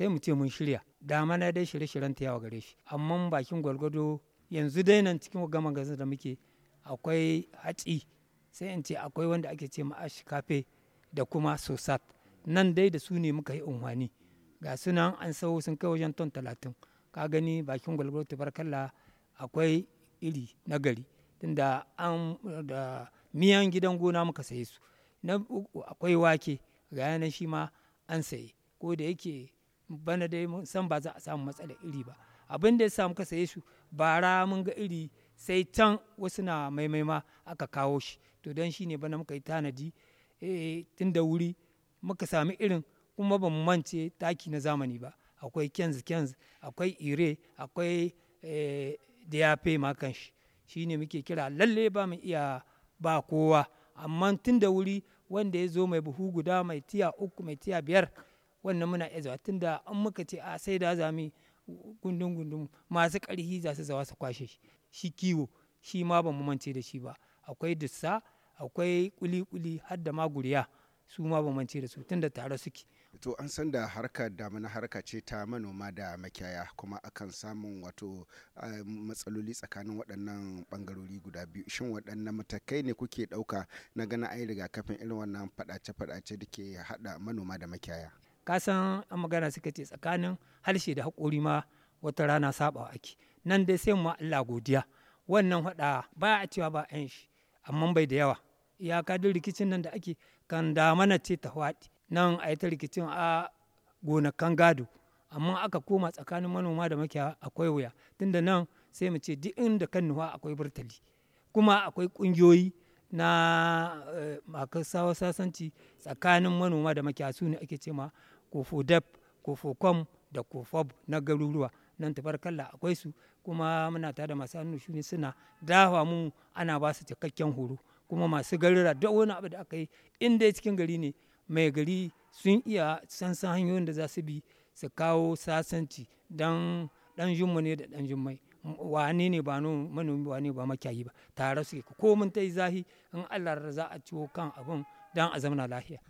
sai mu ce mun shirya dama na dai shirye-shiryen ta yawa gare shi amma bakin gwalgwado yanzu dai nan cikin gama gazin da muke akwai hatsi sai in ce akwai wanda ake ce ma ashikafe da kuma sosat nan dai da su ne muka yi unhwani ga sunan an sau sun kai wajen ton talatin ka gani bakin gwalgwado tabarkalla akwai iri na gari tunda an da miyan gidan gona muka saye su na akwai wake ga yanan shi ma an saye ko da yake bana dai mun san ba za a samu matsala iri ba abin da ya samu ka saye su bara mun ga iri sai can wasu na maimaima aka kawo shi to don shi ne bana muka yi tanadi eh, tun da wuri muka sami irin kuma ba mu mance taki na zamani ba akwai kenz kenz akwai ire akwai eh, dayafe ma kan shi shi ne muke kira lalle ba mu iya ba kowa amma tun da wuri wanda ya zo mai buhu guda mai tiya uku mai tiya biyar wannan muna iya zawa tunda an muka ce a sai da zami gundun gundun masu ƙarfi za su zawa su kwashe shi shi kiwo shi ma ban mu mance da shi ba akwai dussa akwai kuli-kuli har da ma su ma ban mance da su tunda tare suke to an san da harka damuna harka ce ta manoma da makiyaya kuma akan samun wato matsaloli tsakanin waɗannan ɓangarori guda biyu shin waɗannan matakai ne kuke ɗauka na gana ai rigakafin irin wannan faɗace-faɗace da ke haɗa manoma da makiyaya ka san an magana suka ce tsakanin harshe da haƙori ma wata rana saɓawa ake nan dai sai mu Allah godiya wannan faɗa ba a cewa ba a shi amma bai da yawa iyaka duk rikicin nan da ake kan da mana ce ta faɗi nan a yi ta rikicin a gonakan gado amma aka koma tsakanin manoma da makiya akwai wuya tunda nan sai mu ce duk inda kan nuwa akwai burtali kuma akwai ƙungiyoyi na eh, a sawa sasanci tsakanin manoma da makyasu su ne ake cema kofo kofokom da kofob na garuruwa nan tabarkalla akwai su kuma muna tare da masu hannu shuni suna dawa mu ana ba su cikakken horo kuma masu garura duk wani abu da aka yi in dai cikin gari ne mai gari sun iya sansan hanyoyin da za su bi su kawo sasanci dan dan ne da dan jummai wane ne ba manomi wane ba makiyayi ba tare suke ko mun ta yi zahi in Allah za a ciwo kan abin dan a zamana lafiya